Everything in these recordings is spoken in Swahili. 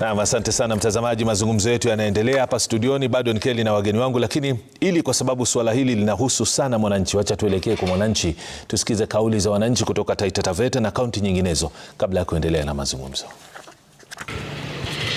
Naam, asante sana mtazamaji, mazungumzo yetu yanaendelea hapa studioni, bado ni Kelly na wageni wangu, lakini ili kwa sababu suala hili linahusu sana mwananchi, wacha tuelekee kwa mwananchi, tusikize kauli za wananchi kutoka Taita Taveta na kaunti nyinginezo kabla ya kuendelea na mazungumzo.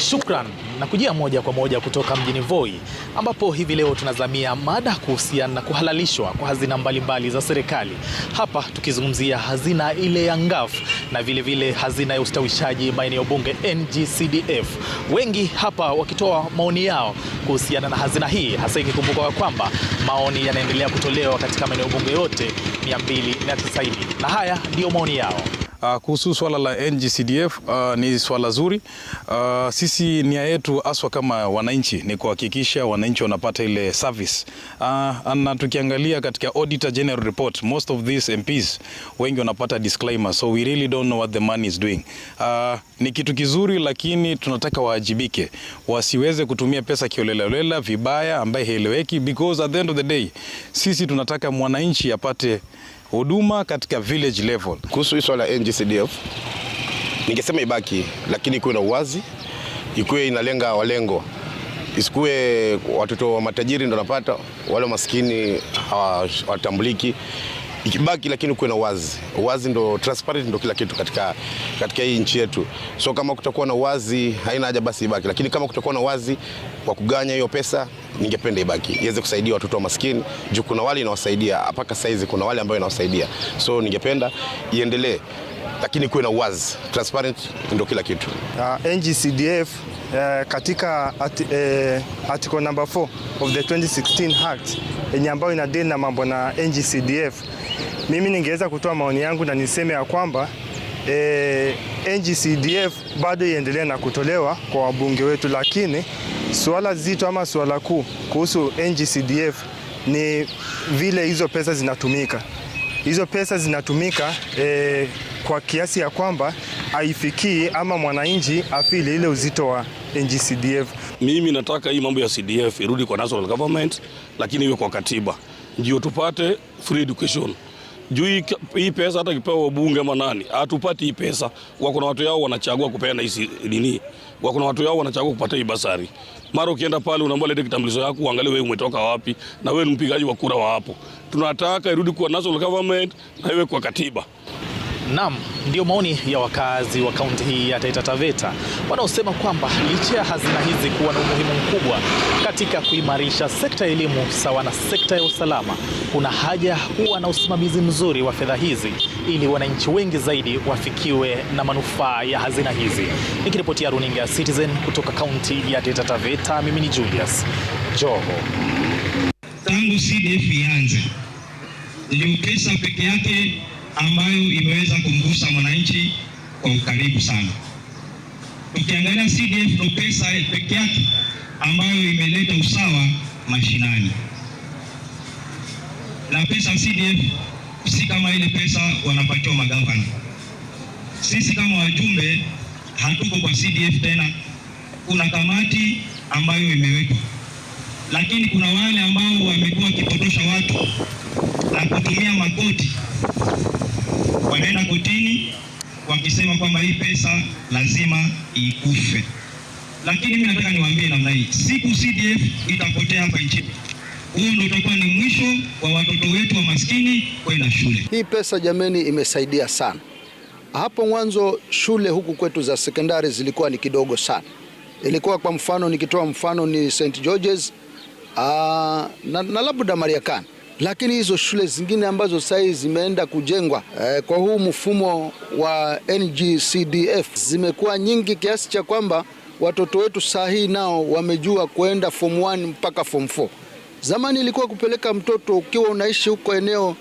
Shukran na kujia moja kwa moja kutoka mjini Voi ambapo hivi leo tunazamia mada kuhusiana na kuhalalishwa kwa hazina mbalimbali za serikali, hapa tukizungumzia hazina ile ya Ngaf na vile vile hazina ya ustawishaji maeneo bunge NGCDF, wengi hapa wakitoa maoni yao kuhusiana na hazina hii, hasa ikikumbuka kwamba maoni yanaendelea kutolewa katika maeneo bunge yote 290 na haya ndiyo maoni yao. Uh, kuhusu swala la NGCDF uh, ni swala zuri. Uh, sisi nia yetu haswa kama wananchi ni kuhakikisha wananchi wanapata ile service uh, na tukiangalia katika Auditor General report most of these MPs wengi wanapata disclaimer, so we really don't know what the money is doing. Uh, ni kitu kizuri, lakini tunataka waajibike, wasiweze kutumia pesa kiolelelela vibaya ambaye heleweki, because at the end of the day sisi tunataka mwananchi apate huduma katika village level. Kuhusu hii swala la ngcdf ningesema ibaki, lakini ikuwe na uwazi, ikuwe inalenga walengo, isikuwe watoto wa matajiri ndo wanapata, wale maskini hawatambuliki ikibaki, lakini kuwe na wazi. Wazi ndo transparent, ndo kila kitu katika, katika hii nchi yetu. So kama kutakuwa na wazi, haina haja basi ibaki, lakini kama kutakuwa na wazi wa kuganya hiyo pesa, ningependa ibaki iweze kusaidia watoto wa maskini, juu kuna wale inawasaidia mpaka saizi, kuna wale ambao inawasaidia, so ningependa iendelee, lakini kuwe na wazi. Transparent ndo kila kitu. Uh, ah, NGCDF Uh, eh, katika at, uh, eh, article number 4 of the 2016 act yenye ambayo ina deal na mambo na NGCDF mimi ningeweza kutoa maoni yangu na niseme ya kwamba e, eh, NGCDF bado iendelee na kutolewa kwa wabunge wetu, lakini suala zito ama suala kuu kuhusu NGCDF ni vile hizo pesa zinatumika. Hizo pesa zinatumika e, kwa kiasi ya kwamba haifikii ama mwananchi afili ile uzito wa NGCDF. Mimi nataka hii mambo ya CDF irudi kwa national government, lakini iwe kwa katiba ndio tupate free education juu hii pesa hata kipewa wabunge ama nani hatupati hii pesa. Wako na watu yao wanachagua kupeana hizi nini, wako na watu yao wanachagua kupata hii basari. Mara ukienda pale unaomba lete kitambulisho yako, uangalie wewe umetoka wapi na wewe ni mpigaji wa kura wa hapo. Tunataka irudi kuwa national government na iwe kwa katiba. Naam, ndio maoni ya wakazi wa kaunti hii ya Taita Taveta wanaosema kwamba licha ya hazina hizi kuwa na umuhimu mkubwa katika kuimarisha sekta ya elimu sawa na sekta ya usalama, kuna haja huwa kuwa na usimamizi mzuri wa fedha hizi ili wananchi wengi zaidi wafikiwe na manufaa ya hazina hizi. Nikiripotia runinga ya Citizen kutoka kaunti ya Taita Taveta, mimi ni Julius Joho. Tangu CDF ianze ilimkesha peke yake ambayo imeweza kumgusa mwananchi kwa ukaribu sana. Tukiangalia CDF ndo pesa peke yake ambayo imeleta usawa mashinani, na pesa CDF si kama ile pesa wanapatiwa magavana. Sisi kama wajumbe hatuko kwa CDF tena, kuna kamati ambayo imewekwa, lakini kuna wale ambao wamekuwa wakipotosha watu na kutumia makoti, wanaenda kotini wakisema kwamba hii pesa lazima ikufe. Lakini mimi nataka niwaambie namna hii, siku CDF itapotea hapa nchini, huo ndio utakuwa ni mwisho wa watoto wetu wa maskini kwenda shule. Hii pesa jameni, imesaidia sana. Hapo mwanzo shule huku kwetu za sekondari zilikuwa ni kidogo sana, ilikuwa kwa mfano, nikitoa mfano ni St George's aa, na, na labda Mariakani lakini hizo shule zingine ambazo sasa zimeenda kujengwa eh, kwa huu mfumo wa NGCDF zimekuwa nyingi kiasi cha kwamba watoto wetu saa hii nao wamejua kuenda form 1 mpaka form 4. Zamani ilikuwa kupeleka mtoto ukiwa unaishi huko eneo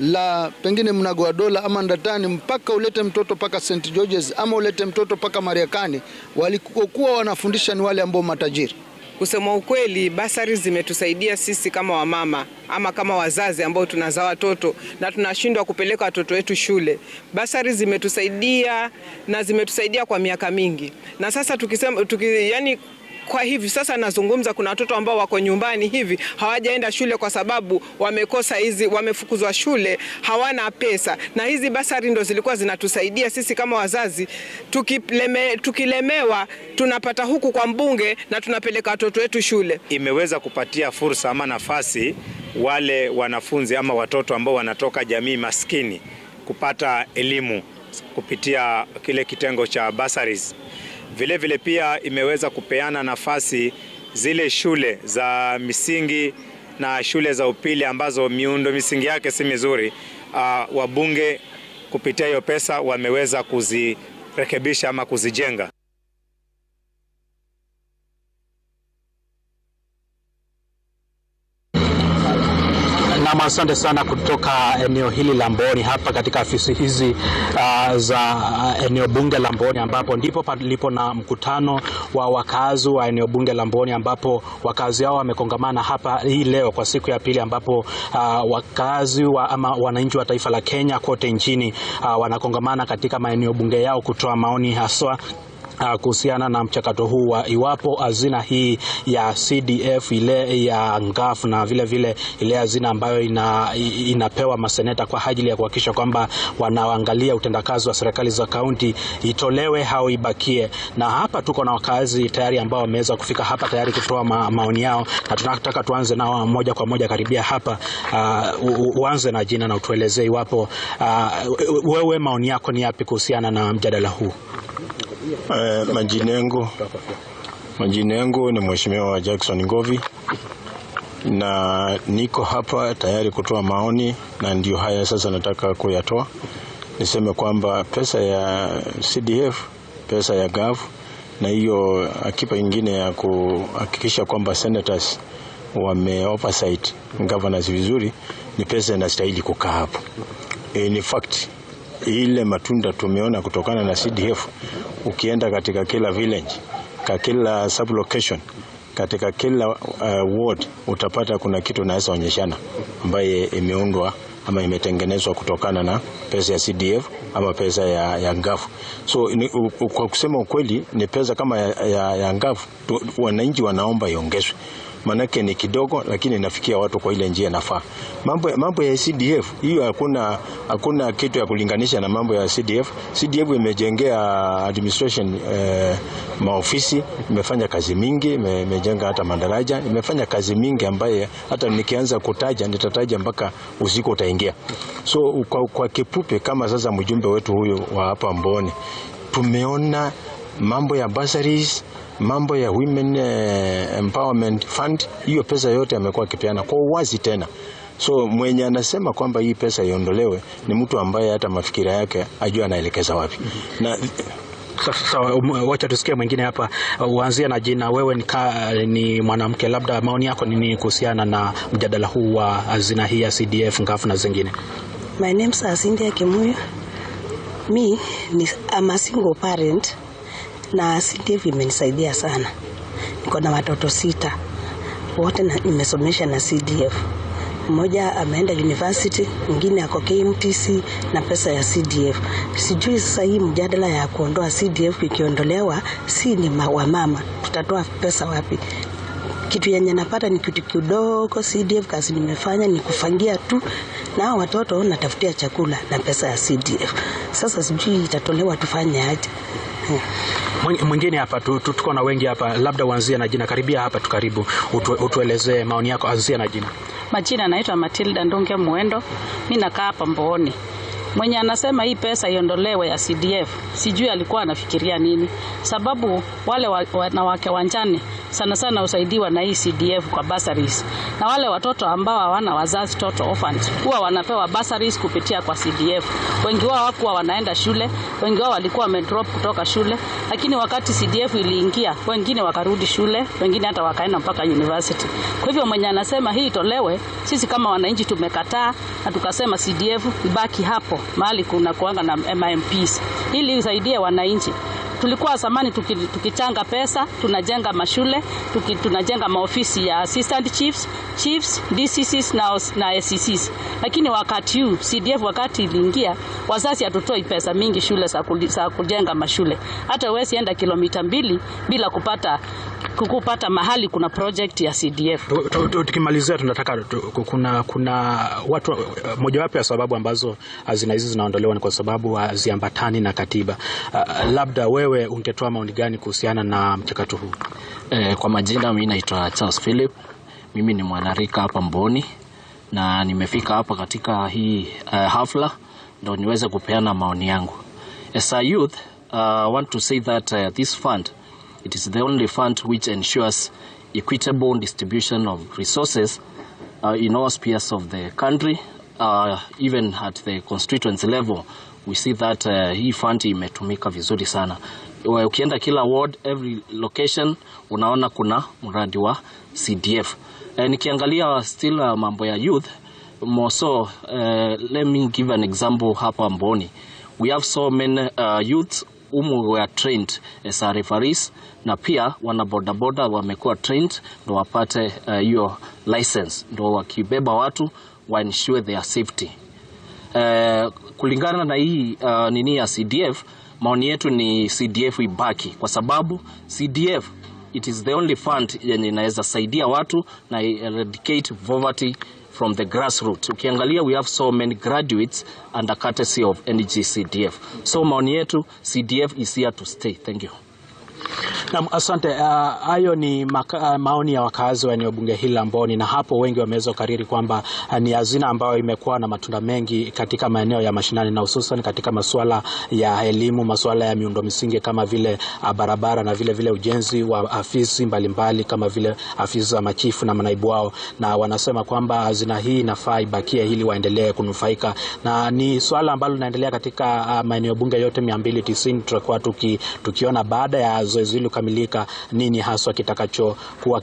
la pengine Mnagoa Dola ama Ndatani mpaka ulete mtoto mpaka St George's ama ulete mtoto mpaka Mariakani. Walikokuwa wanafundisha ni wale ambao matajiri. Kusema ukweli, basari zimetusaidia sisi kama wamama ama kama wazazi ambao tunazaa watoto na tunashindwa kupeleka watoto wetu shule. Basari zimetusaidia na zimetusaidia kwa miaka mingi, na sasa tukisema tuki, yani kwa hivi sasa nazungumza, kuna watoto ambao wako nyumbani hivi hawajaenda shule kwa sababu wamekosa hizi, wamefukuzwa shule, hawana pesa, na hizi basari ndo zilikuwa zinatusaidia sisi kama wazazi. Tukileme, tukilemewa tunapata huku kwa mbunge na tunapeleka watoto wetu shule. Imeweza kupatia fursa ama nafasi wale wanafunzi ama watoto ambao wanatoka jamii maskini kupata elimu kupitia kile kitengo cha basaris. Vilevile vile pia imeweza kupeana nafasi zile shule za misingi na shule za upili ambazo miundo misingi yake si mizuri. Uh, wabunge kupitia hiyo pesa wameweza kuzirekebisha ama kuzijenga. Asante sana kutoka eneo hili la Mboni hapa katika afisi hizi uh, za eneo bunge la Mboni ambapo ndipo palipo na mkutano wa wakazi wa eneo bunge la Mboni ambapo wakazi hao wamekongamana hapa hii leo kwa siku ya pili ambapo uh, wakazi wa, ama wananchi wa taifa la Kenya kote nchini uh, wanakongamana katika maeneo bunge yao kutoa maoni haswa Ah, kuhusiana na mchakato huu wa iwapo hazina hii ya CDF ile ya NGAF na vile vile ile hazina ambayo ina, inapewa maseneta kwa ajili ya kuhakikisha kwamba wanaangalia utendakazi wa serikali za kaunti itolewe au ibakie. Na hapa tuko na wakazi tayari ambao wameweza kufika hapa tayari kutoa ma, maoni yao, na tunataka tuanze nao moja kwa moja karibia hapa. Uh, uanze na jina na utuelezee iwapo uh, wewe maoni yako ni yapi kuhusiana na mjadala huu? Eh, majina yangu majina yangu ni Mheshimiwa Jackson Ngovi na niko hapa tayari kutoa maoni, na ndio haya sasa nataka kuyatoa. Niseme kwamba pesa ya CDF, pesa ya GAV na hiyo akipa nyingine ya kuhakikisha kwamba senators wame oversight governors vizuri, ni pesa inastahili kukaa hapo. Eh, ni fact ile matunda tumeona kutokana na CDF, ukienda katika kila village, ka kila sub location katika kila uh, ward utapata kuna kitu naweza onyeshana ambaye imeundwa ama imetengenezwa kutokana na pesa ya CDF ama pesa ya, ya ngafu. So ni, u, u, kwa kusema ukweli ni pesa kama ya, ya, ya ngafu wananchi wanaomba iongezwe, maanake ni kidogo, lakini inafikia watu kwa ile njia nafaa. Mambo, mambo ya CDF hiyo hakuna, hakuna kitu ya kulinganisha na mambo ya CDF. CDF imejengea administration eh, maofisi, imefanya kazi mingi, imejenga hata madaraja, imefanya kazi mingi ambaye hata nikianza kutaja nitataja mpaka usiku utaingia. So kwa, kwa kipupe kama sasa mjumbe wetu huyu wa hapa Mboni tumeona mambo ya bursaries mambo ya women eh, empowerment fund, hiyo pesa yote amekuwa akipeana kwa uwazi tena. So mwenye anasema kwamba hii pesa iondolewe ni mtu ambaye hata mafikira yake ajua anaelekeza wapi. mm -hmm. na sasa um, wacha tusikie mwingine hapa. Uanzie na jina, wewe ni, ni mwanamke, labda maoni yako ni nini kuhusiana na mjadala huu wa hazina hii ya CDF ngafu na zingine? My name is Asindia Kimuyu. Mi ni a single parent na CDF imenisaidia sana. Niko na watoto sita wote nimesomesha na CDF. Mmoja ameenda university, mwingine ako KMTC na pesa ya CDF. Sijui sasa hii mjadala ya kuondoa CDF ikiondolewa, si ni wamama tutatoa pesa wapi? Kitu yenye napata ni kitu kidogo. CDF kazi nimefanya ni kufangia tu, na watoto natafutia chakula na pesa ya CDF. Sasa sijui itatolewa, tufanye aje? mwingine hapa tuko na wengi hapa, labda uanzie na jina. Karibia hapa tukaribu utuelezee maoni yako, anzia na jina. Majina anaitwa Matilda Ndunge Mwendo, mi nakaa hapa Mbooni. Mwenye anasema hii pesa iondolewe ya CDF, sijui alikuwa anafikiria nini, sababu wale wanawake wanjani sana sana husaidiwa na hii CDF kwa bursaries, na wale watoto ambao hawana wazazi, toto orphans, huwa wanapewa bursaries kupitia kwa CDF. Wengi wao hawakuwa wanaenda shule, wengi wao walikuwa wamedrop kutoka shule, lakini wakati CDF iliingia, wengine wakarudi shule, wengine hata wakaenda mpaka university. Kwa hivyo mwenye anasema hii itolewe, sisi kama wananchi tumekataa na tukasema CDF ibaki hapo mahali kuna kuanga na MMPs ili isaidie wananchi. Tulikuwa zamani tuki, tukichanga pesa tunajenga mashule tuki, tunajenga maofisi ya assistant chiefs, chiefs, DCCs na, na SCCs. Lakini wakati huu CDF wakati iliingia, wazazi hatutoi pesa mingi shule za kujenga mashule. Hata uwezi enda kilomita mbili bila kupata kukupata mahali kuna project ya CDF. Tukimalizia tunataka kuna kuna watu, mojawapo ya sababu ambazo hazina ah, hizi zinaondolewa ni kwa sababu ah, haziambatani na katiba. Ah, labda wewe ungetoa maoni gani kuhusiana na mchakato huu? Eh, kwa majina mimi naitwa Charles Philip, mimi ni mwanarika hapa Mboni na nimefika hapa katika hii uh, hafla ndio niweze kupeana maoni yangu. As a youth, uh, want to say that uh, this fund It is the only fund which ensures equitable distribution of resources uh, in all spheres of the country uh, even at the constituency level we see that uh, hii fund imetumika vizuri sana. Ukienda kila ward, every location unaona kuna mradi wa CDF. Uh, eh, nikiangalia still uh, mambo ya youth moso uh, let me give an example hapa Mboni we have so many uh, youths umu were trained as a referees na pia wana bodaboda wamekuwa trained ndo wapate eh, hiyo uh, license ndo wakibeba watu waensure their safety. Uh, kulingana na hii uh, nini ya CDF, maoni yetu ni CDF ibaki, kwa sababu CDF it is the only fund yenye inaweza saidia watu na eradicate poverty from the grassroots. Ukiangalia we have so many graduates under courtesy of NGCDF. So maoni yetu, CDF is here to stay. Thank you. Naam, asante. Ah, hayo uh, ni maka, uh, maoni ya wakazi wa eneo bunge hili la Mboni, na hapo wengi wameweza kukariri kwamba uh, ni hazina ambayo imekuwa na matunda mengi katika maeneo ya mashinani na hususan katika masuala ya elimu, masuala ya miundo misingi kama vile uh, barabara na vile vile ujenzi wa afisi mbalimbali kama vile afisi za machifu na manaibu wao, na wanasema kwamba hazina hii inafaa ibakie ili waendelee kunufaika, na ni swala ambalo linaendelea katika uh, maeneo bunge yote 290 tutakuwa tuki, tukiona baada ya zoezi hili kukamilika, nini haswa kitakachokuwa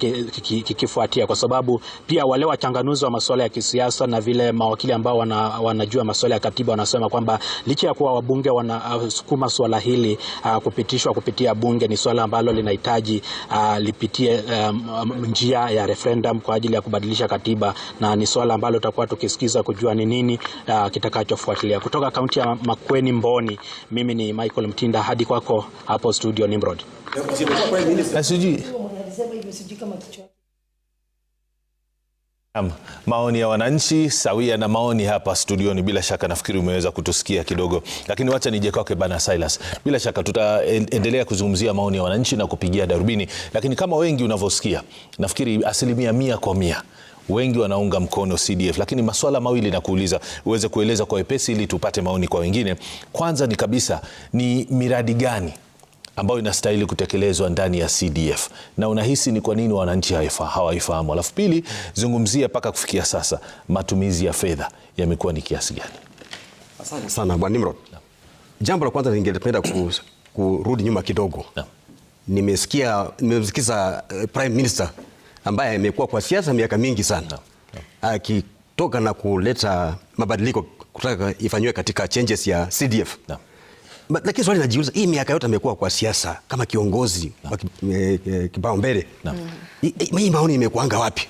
kikifuatia, kwa sababu pia wale wachanganuzi wa masuala ya kisiasa na vile mawakili ambao wana, wanajua masuala ya katiba wanasema kwamba licha ya kuwa wabunge wanasukuma swala hili uh, kupitishwa kupitia bunge, ni swala ambalo linahitaji uh, lipitie um, njia ya referendum kwa ajili ya kubadilisha katiba, na ni swala ambalo tutakuwa tukisikiza kujua ni nini uh, kitakachofuatilia. Kutoka kaunti ya Makueni Mboni, mimi ni Michael Mtinda, hadi kwako hapo studio Nimrod maoni ya wananchi sawia na maoni hapa studioni. Bila shaka nafikiri umeweza kutusikia kidogo, lakini wacha nije kwake Bana Silas. Bila shaka tutaendelea kuzungumzia maoni ya wananchi na kupigia darubini, lakini kama wengi unavyosikia, nafikiri asilimia mia kwa mia wengi wanaunga mkono CDF, lakini maswala mawili na kuuliza uweze kueleza kwa wepesi ili tupate maoni kwa wengine. Kwanza ni kabisa, ni miradi gani ambayo inastahili kutekelezwa ndani ya CDF, na unahisi ni kwa nini wananchi hawaifahamu? Alafu pili, zungumzia mpaka kufikia sasa matumizi ya fedha yamekuwa ni kiasi gani? Asante sana Bwana Nimrod. Jambo la kwanza ningependa kurudi nyuma kidogo. Nimesikia, nimemsikiza eh, Prime Minister ambaye amekuwa kwa siasa miaka mingi sana akitoka na kuleta mabadiliko kutaka ifanywe katika changes ya CDF na. Lakini swali najiuliza, hii miaka yote amekuwa kwa siasa kama kiongozi wa kipao eh, eh, mbele, hii maoni imekuanga wapi?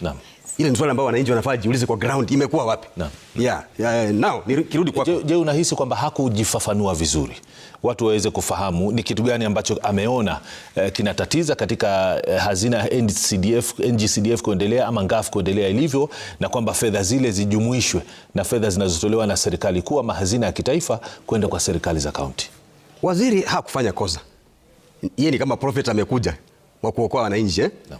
Ile ni swali ambao wananchi wanafaa jiulize kwa ground, imekuwa wapi? yeah, yeah, now nikirudi kwa je, unahisi kwamba hakujifafanua vizuri watu waweze kufahamu ni kitu gani ambacho ameona eh, kinatatiza katika eh, hazina ya NCDF, NGCDF kuendelea ama NGAF kuendelea ilivyo, na kwamba fedha zile zijumuishwe na fedha zinazotolewa na serikali kuu ama hazina ya kitaifa kwenda kwa serikali za kaunti. Waziri hakufanya kosa, yeye ni kama prophet amekuja wa kuokoa wananchi eh? no.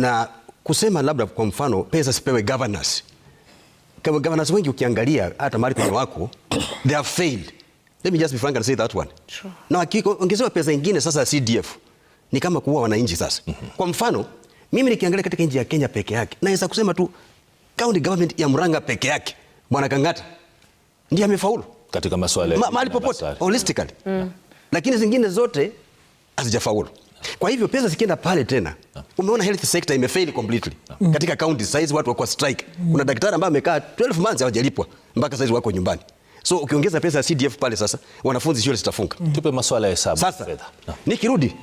na kusema labda kwa mfano pesa sipewe governors. Kama governors wengi ukiangalia hata mali kwa wako they have failed. Let me just be frank and say that one. True. Na ongezewa pesa nyingine sasa CDF ni kama kuua wananchi sasa. Mm -hmm. Kwa mfano mimi nikiangalia katika nchi ya Kenya peke yake naweza kusema tu county government ya Murang'a peke yake Bwana Kang'ata ndiye amefaulu katika masuala Ma, mahali popote holistically mm. mm. Lakini zingine zote hazijafaulu. Kwa hivyo pesa zikienda pale tena, ah. umeona health sector imefail completely ah. mm. Katika county saizi watu wako strike mm. Kuna daktari ambaye amekaa 12 months hawajalipwa mpaka saizi wako nyumbani, so ukiongeza pesa ya CDF pale sasa, wanafunzi shule zitafunga mm. Tupe masuala ya hesabu sasa. Ah. Nikirudi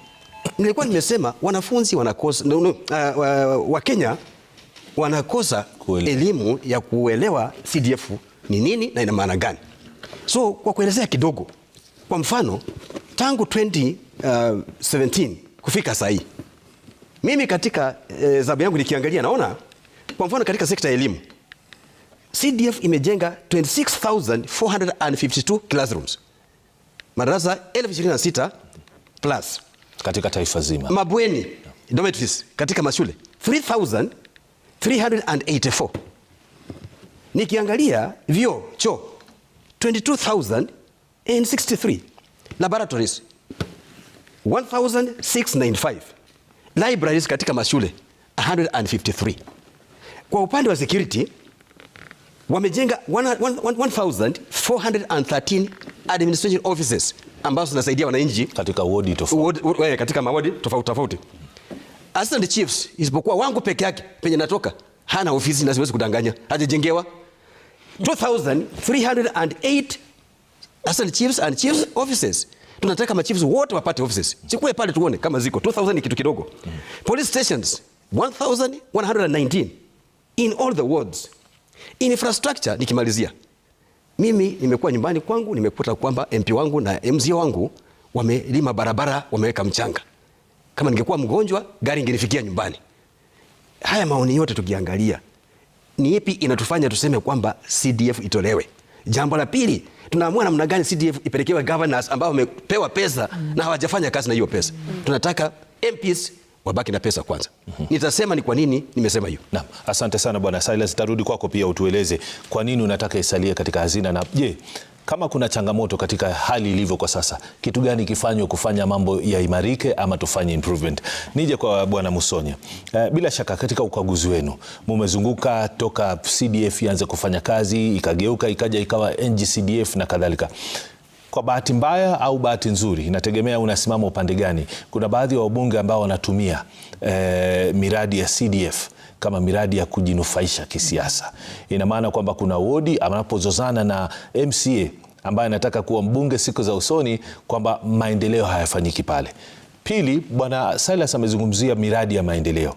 nilikuwa nimesema wanafunzi wanakosa no, no, uh, Kenya wanakosa Kuele. elimu ya kuelewa CDF ni nini na ina maana gani. So kwa kuelezea kidogo, kwa mfano tangu 2017 uh, kufika saa hii mimi katika hesabu eh, yangu nikiangalia naona kwa mfano katika sekta ya elimu CDF imejenga 26452 classrooms, madarasa 1026 plus katika taifa zima, mabweni dormitories katika mashule 3384. Nikiangalia vyo cho 22,063 laboratories 1,695 libraries katika mashule 153. Kwa upande wa security wamejenga 1413 administration offices ambazo zinasaidia wananchi katika wodi tofauti wodi, eh, katika mawodi tofauti tofauti. Assistant chiefs isipokuwa wangu peke yake penye natoka hana ofisi na siwezi kudanganya, hajajengewa 2308 chiefs and chiefs offices. Tunataka machiefs wote wapate offices, chukue pale tuone kama ziko 2000 kitu kidogo. mm. Police stations 1119 in all the wards. Infrastructure, nikimalizia mimi nimekuwa nyumbani kwangu nimekuta kwamba MP wangu na mz wangu wamelima barabara, wameweka mchanga. Kama ningekuwa mgonjwa, gari ingenifikia nyumbani. Haya maoni yote tukiangalia ni ipi inatufanya tuseme kwamba CDF itolewe? Jambo la pili, tunaamua namna gani CDF ipelekewe governors ambao wamepewa pesa mm. na hawajafanya kazi na hiyo pesa mm. tunataka MPs wabaki na pesa kwanza. mm -hmm. Nitasema ni kwa nini nimesema hiyo. Naam, asante sana Bwana Silas, tarudi kwako pia utueleze kwa nini unataka isalie katika hazina na je kama kuna changamoto katika hali ilivyo kwa sasa, kitu gani kifanywe kufanya mambo yaimarike ama tufanye improvement? Nije kwa Bwana Musonya. Eh, bila shaka katika ukaguzi wenu mumezunguka toka CDF ianze kufanya kazi ikageuka ikaja ikawa NGCDF na kadhalika. Kwa bahati mbaya au bahati nzuri, inategemea unasimama upande gani. Kuna baadhi ya wabunge ambao wanatumia eh, miradi ya CDF kama miradi ya kujinufaisha kisiasa. Ina maana kwamba kuna wodi anapozozana na MCA ambaye anataka kuwa mbunge siku za usoni, kwamba maendeleo hayafanyiki pale. Pili, bwana Silas amezungumzia miradi ya maendeleo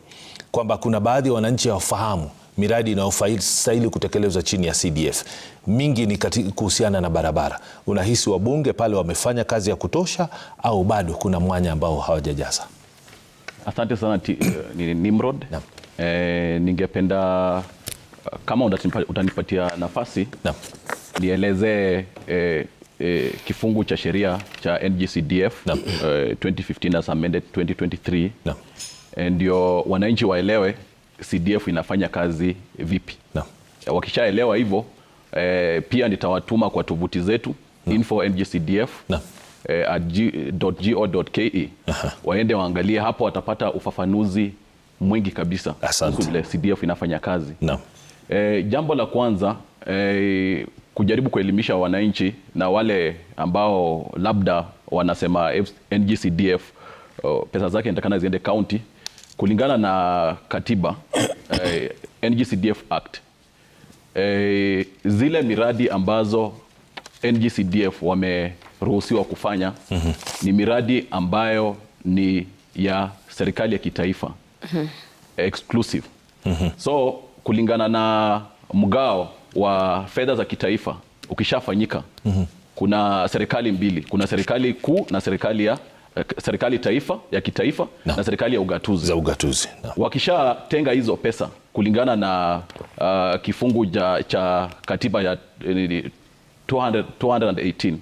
kwamba kuna baadhi ya wananchi hawafahamu miradi inayostahili kutekelezwa chini ya CDF mingi ni kuhusiana na barabara. Unahisi wabunge pale wamefanya kazi ya kutosha au bado kuna mwanya ambao hawajajaza? Asante sana eh, Nimrod. E, ningependa kama utanipatia nafasi nieleze nielezee eh, e, eh, kifungu cha sheria cha NGCDF no. e, 2015 as amended 2023 na ndio wananchi waelewe CDF inafanya kazi vipi na wakishaelewa hivyo e, pia nitawatuma kwa tovuti zetu info NGCDF e, at waende waangalie hapo watapata ufafanuzi mwingi kabisa kuhusu vile CDF inafanya kazi E, jambo la kwanza e, kujaribu kuelimisha wananchi na wale ambao labda wanasema ngcdf pesa zake inatakana ziende county kulingana na katiba e, eh, NGCDF Act e, zile miradi ambazo ngcdf wameruhusiwa kufanya mm -hmm. ni miradi ambayo ni ya serikali ya kitaifa exclusive. Mm -hmm. So kulingana na mgao wa fedha za kitaifa ukishafanyika, mm -hmm. kuna serikali mbili, kuna serikali kuu na serikali ya eh, serikali taifa ya kitaifa na, na serikali ya ugatuzi za ugatuzi. Wakishatenga hizo pesa kulingana na uh, kifungu ja, cha katiba ya 200, 218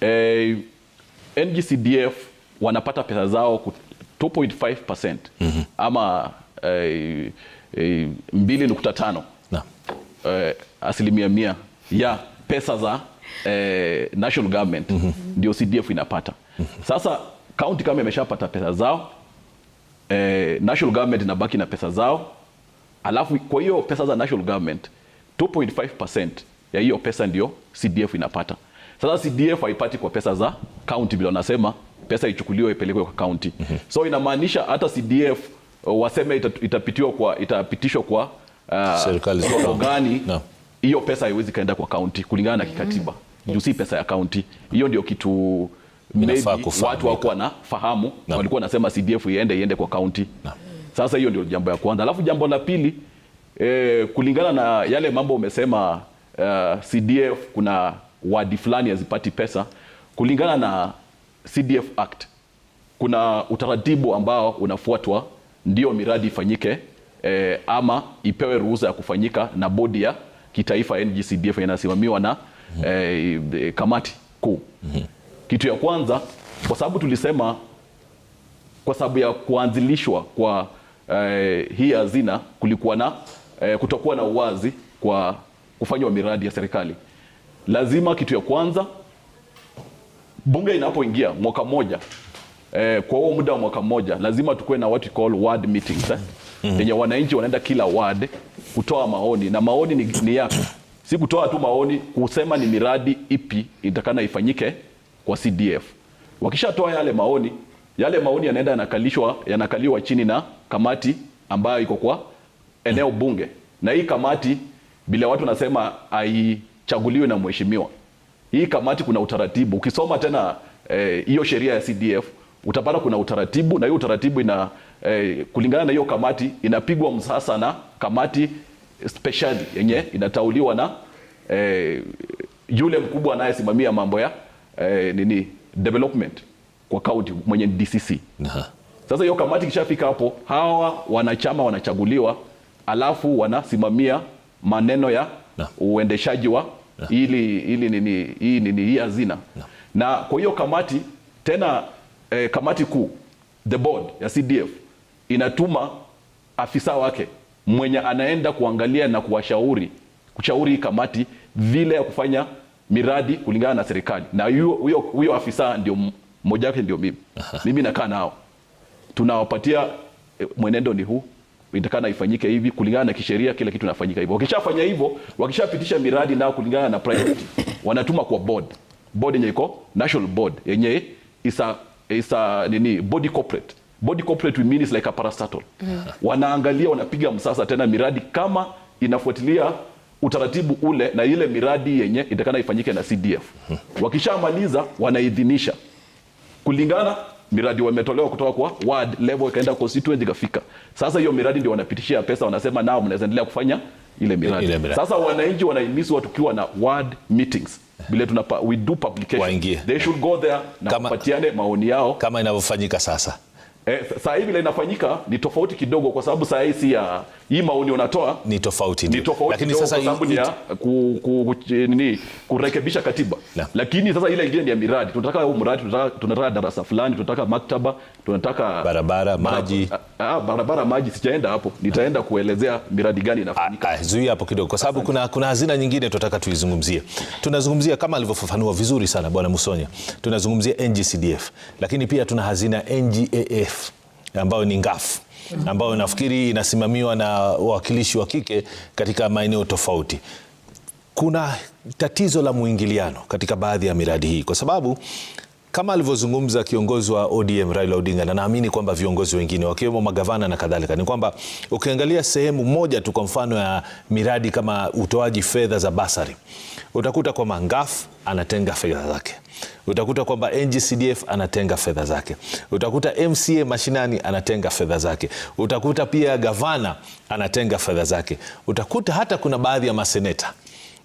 eh, NGCDF eh, wanapata pesa zao 2.5% mm -hmm. ama e, eh, 2.5 na. E, asilimia mia ya pesa za e, national government mm -hmm. ndio CDF inapata mm -hmm. Sasa kaunti kama imeshapata pesa zao e, national government inabaki na pesa zao, alafu kwa hiyo pesa za national government 2.5% ya hiyo pesa ndio CDF inapata. Sasa CDF haipati kwa pesa za kaunti, vile wanasema pesa ichukuliwe ipelekwe kwa kaunti. mm -hmm. So inamaanisha hata CDF uh, waseme itapitishwa kwa itapitishwa kwa uh, serikali gani hiyo no. pesa haiwezi kaenda kwa kaunti kulingana na kikatiba mm -hmm. juu si pesa ya kaunti hiyo, ndio kitu maybe watu wako na fahamu no. walikuwa nasema CDF iende iende kwa kaunti no. Sasa hiyo ndio jambo ya kwanza, alafu jambo la pili eh, kulingana na yale mambo umesema uh, CDF kuna wadi fulani hazipati pesa kulingana na CDF Act kuna utaratibu ambao unafuatwa ndio miradi ifanyike e, ama ipewe ruhusa ya kufanyika na bodi ya kitaifa NGCDF inasimamiwa na e, kamati kuu. Mhm. Kitu ya kwanza, kwa sababu tulisema kwa sababu ya kuanzilishwa kwa e, hii hazina kulikuwa na e, kutokuwa na uwazi kwa kufanywa miradi ya serikali, lazima kitu ya kwanza bunge inapoingia mwaka mmoja eh, kwa huo muda wa mwaka mmoja lazima tukuwe na what we call ward meetings eh? mm-hmm. yenye wananchi wanaenda kila ward kutoa maoni na maoni ni, ni yako si kutoa tu maoni kusema ni miradi ipi itakana ifanyike kwa CDF. Wakishatoa yale maoni, yale maoni yanaenda yanakalishwa yanakaliwa chini na kamati ambayo iko kwa eneo bunge, na hii kamati bila watu nasema haichaguliwi na mheshimiwa, hii kamati kuna utaratibu. Ukisoma tena eh, hiyo e, sheria ya CDF utapata kuna utaratibu na hiyo utaratibu ina e, kulingana na hiyo kamati inapigwa msasa na kamati speciali yenye inatauliwa na e, yule mkubwa anayesimamia mambo ya e, nini development kwa kaunti mwenye DCC. Aha. Sasa hiyo kamati kishafika hapo, hawa wanachama wanachaguliwa, alafu wanasimamia maneno ya uendeshaji wa ili ili nini hii nini hii hazina na kwa hiyo kamati tena eh, kamati kuu the board ya CDF inatuma afisa wake mwenye anaenda kuangalia na kuwashauri kushauri kamati vile ya kufanya miradi kulingana na serikali, na huyo huyo afisa ndio mmoja wake ndio mimi. Mimi nakaa nao tunawapatia, eh, mwenendo ni huu itakana ifanyike hivi kulingana na kisheria, kila kitu nafanyika hivyo. Wakishafanya hivyo, wakishapitisha miradi nao kulingana na priority, wanatuma kwa board, board yenye iko national board yenye isa isa nini body corporate body corporate we mean is like a parastatal mm. Wanaangalia, wanapiga msasa tena miradi kama inafuatilia utaratibu ule na ile miradi yenye itakana ifanyike na CDF. Wakishamaliza wanaidhinisha kulingana miradi wametolewa kutoka kwa ward level ikaenda constituency ikafika. Sasa hiyo miradi ndio wanapitishia pesa, wanasema nao mnaweza endelea kufanya ile miradi. Ile miradi. Sasa wananchi wanahimizwa tukiwa na ward meetings bila tuna we do publication Waingie. They should go there na kama, kupatiane maoni yao kama inavyofanyika sasa. Eh, saa hivi ile inafanyika ni tofauti kidogo, kwa sababu saa hii si ya hii maoni unatoa ni tofauti, ni tofauti lakini sasa sababu ya ku, ku, ku, nini kurekebisha katiba la. Lakini sasa ile ingine ni ya miradi, tunataka huu mradi, tunataka, tunataka darasa fulani, tunataka maktaba, tunataka barabara, maji. Ah, ah, barabara maji, sijaenda hapo, nitaenda kuelezea miradi gani ah, inafanyika. Ah, zuia hapo kidogo, kwa sababu kuna, kuna hazina nyingine tunataka tuizungumzie. Tunazungumzia kama alivyofafanua vizuri sana bwana Musonya, tunazungumzia NGCDF, lakini pia tuna hazina NGAF ambayo ni ngafu ambayo nafikiri inasimamiwa na wawakilishi wa kike katika maeneo tofauti. Kuna tatizo la mwingiliano katika baadhi ya miradi hii kwa sababu kama alivyozungumza kiongozi wa ODM Raila Odinga, na naamini kwamba viongozi wengine wakiwemo magavana na kadhalika, ni kwamba ukiangalia sehemu moja tu, kwa mfano ya miradi kama utoaji fedha za basari, utakuta kwamba Ngaf anatenga fedha zake utakuta kwamba NGCDF anatenga fedha zake, utakuta MCA mashinani anatenga fedha zake, utakuta pia gavana anatenga fedha zake, utakuta hata kuna baadhi ya maseneta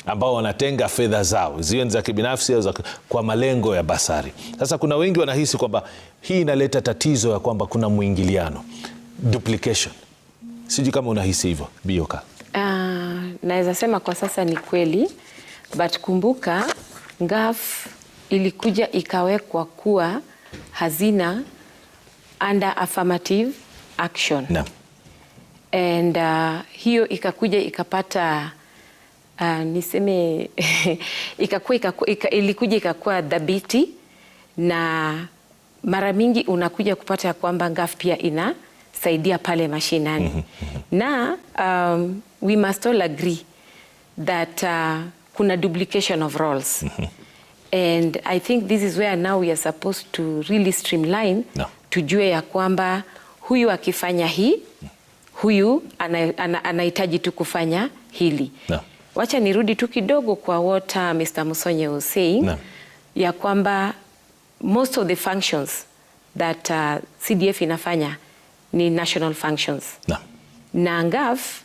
ambao wanatenga fedha zao ziwe ni za kibinafsi au kwa malengo ya basari. Sasa kuna wengi wanahisi kwamba hii inaleta tatizo ya kwamba kuna mwingiliano duplication. Sijui kama unahisi hivyo Bioka. Uh, naweza sema kwa sasa ni kweli, but kumbuka, Ngaf ilikuja ikawekwa kuwa hazina under affirmative action no. And uh, hiyo ikakuja ikapata uh, niseme ikakuwa, ikakua ika, ilikuja ikakuwa dhabiti na mara mingi unakuja kupata ya kwamba NGAF pia inasaidia pale mashinani mm -hmm. na um, we must all agree that uh, kuna duplication of roles mm -hmm and I think this is where now we are supposed to really streamline no. Tujue ya kwamba huyu akifanya hii huyu anahitaji tu kufanya hili no. Wacha nirudi tu kidogo kwa what uh, Mr. Musonye was saying no. ya kwamba most of the functions that uh, CDF inafanya ni national functions no. na NGAF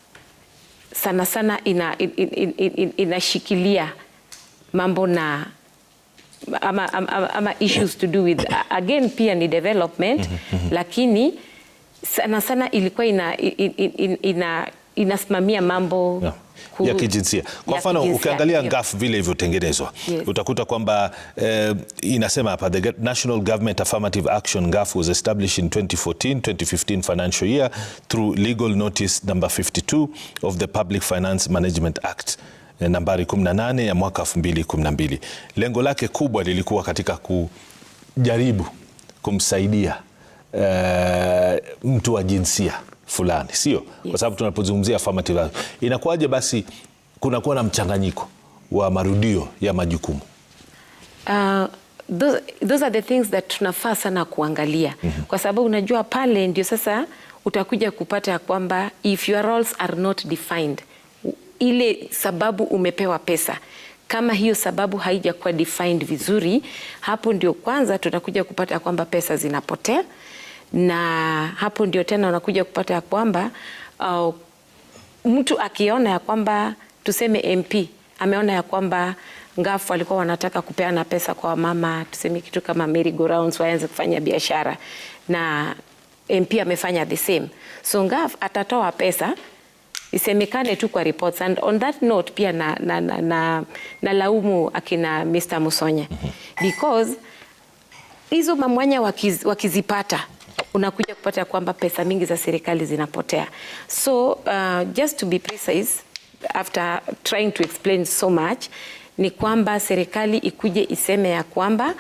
sana sana inashikilia in, in, in, inashikilia mambo na ama, ama, ama issues to do with again pia ni development mhm, mhm, mhm. lakini sana sana ilikuwa ina, ina, ina, ina inasimamia mambo yeah ya kijinsia kwa mfano ukiangalia ngafu vile ilivyotengenezwa yes. utakuta kwamba eh, inasema hapa the National Government Affirmative Action GAF was established in 2014 2015 financial year through legal notice number 52 of the Public Finance Management Act Eh, nambari 18 ya mwaka 2012. Lengo lake kubwa lilikuwa katika kujaribu kumsaidia uh, mtu wa jinsia fulani, sio kwa sababu tunapozungumzia affirmative inakuwaje, basi kunakuwa na mchanganyiko wa marudio ya majukumu uh... Those, those are the things that tunafaa sana kuangalia mm -hmm. Kwa sababu unajua pale ndio sasa utakuja kupata ya kwamba if your roles are not defined ile sababu umepewa pesa kama hiyo sababu haijakuwa defined vizuri, hapo ndio kwanza tunakuja kupata kwamba pesa zinapotea, na hapo ndio tena unakuja kupata ya kwamba uh, mtu akiona ya kwamba tuseme MP ameona ya kwamba Ngafu walikuwa wanataka kupeana pesa kwa mama, tuseme kitu kama merry go rounds, waanze kufanya biashara na MP amefanya the same, so Ngafu atatoa pesa isemekane tu kwa reports. And on that note pia na, na, na, na, na laumu akina Mr. Musonya mhm. because hizo mamwanya wakiz, wakizipata unakuja kupata kwamba pesa mingi za serikali zinapotea. So uh, just to be precise after trying to explain so much ni kwamba serikali ikuje iseme ya kwamba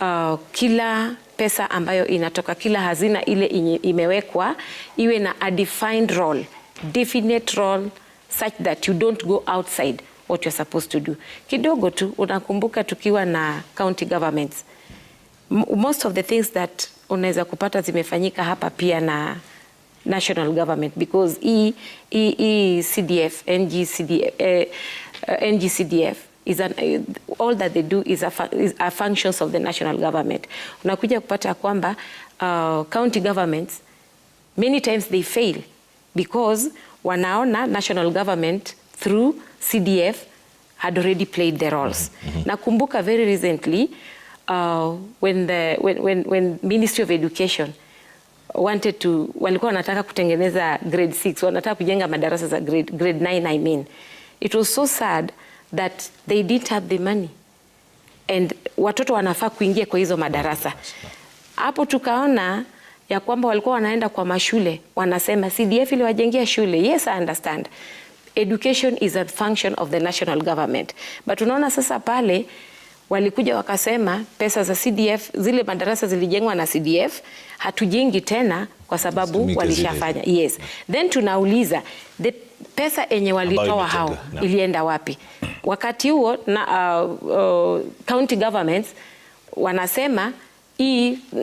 uh, kila pesa ambayo inatoka, kila hazina ile imewekwa iwe na a defined role definite role such that you don't go outside what you're supposed to do. Kidogo tu unakumbuka tukiwa na county governments. Most of the things that unaweza kupata zimefanyika hapa pia na national government because e, e, e CDF, NGCDF, eh, eh, is an, eh, all that they do is a, is a functions of the national government. Unakuja kupata kwamba uh, county governments many times they fail because wanaona national government through CDF had already played their roles. Mm -hmm. Nakumbuka very recently uh, when the when, when, when Ministry of Education wanted to walikuwa wanataka kutengeneza grade 6 wanataka kujenga madarasa za grade, grade 9 I mean. It was so sad that they didn't have the money and watoto wanafaa kuingia kwa hizo madarasa hapo tukaona ya kwamba walikuwa wanaenda kwa mashule wanasema CDF iliwajengia shule. Yes, I understand. Education is a function of the national government. But unaona sasa pale walikuja wakasema pesa za CDF zile madarasa zilijengwa na CDF hatujengi tena kwa sababu walishafanya. Yes. Then tunauliza the pesa enye walitoa hao no. ilienda wapi? Wakati huo na uh, uh, county governments wanasema E, hii uh,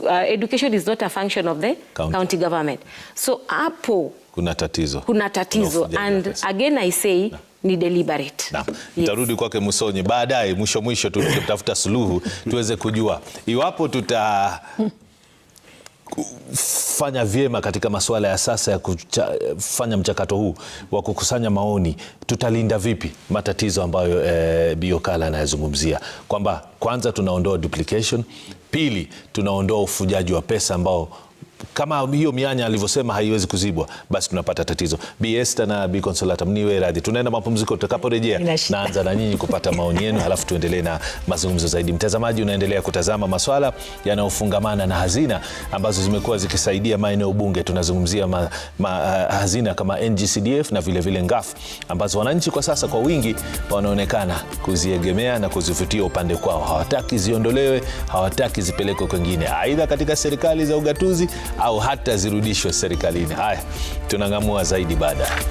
uh, education is not a function of the county, county government. So hapo kuna tatizo, kuna tatizo and again I say na ni deliberate. Na nitarudi yes, kwake Musonye baadaye, mwisho mwisho tutafuta suluhu tuweze kujua iwapo tuta kufanya vyema katika masuala ya sasa ya kufanya mchakato huu wa kukusanya maoni, tutalinda vipi matatizo ambayo e, eh, Biokala anayazungumzia kwamba kwanza tunaondoa duplication, pili tunaondoa ufujaji wa pesa ambao kama hiyo mianya alivyosema haiwezi kuzibwa, basi tunapata tatizo. Bi Esther na Bi Consolata, mniwe radhi, tunaenda mapumziko. Tutakaporejea naanza na nyinyi kupata maoni yenu, halafu tuendelee na mazungumzo zaidi. Mtazamaji, unaendelea kutazama maswala yanayofungamana na hazina ambazo zimekuwa zikisaidia maeneo bunge. Tunazungumzia ma, ma, uh, hazina kama NGCDF na vilevile vile ngafu ambazo wananchi kwa sasa kwa wingi wanaonekana kuziegemea na kuzivutia upande kwao, hawataki ziondolewe, hawataki zipelekwe kwengine, aidha katika serikali za ugatuzi au hata zirudishwe serikalini. Haya, tunang'amua zaidi baadaye.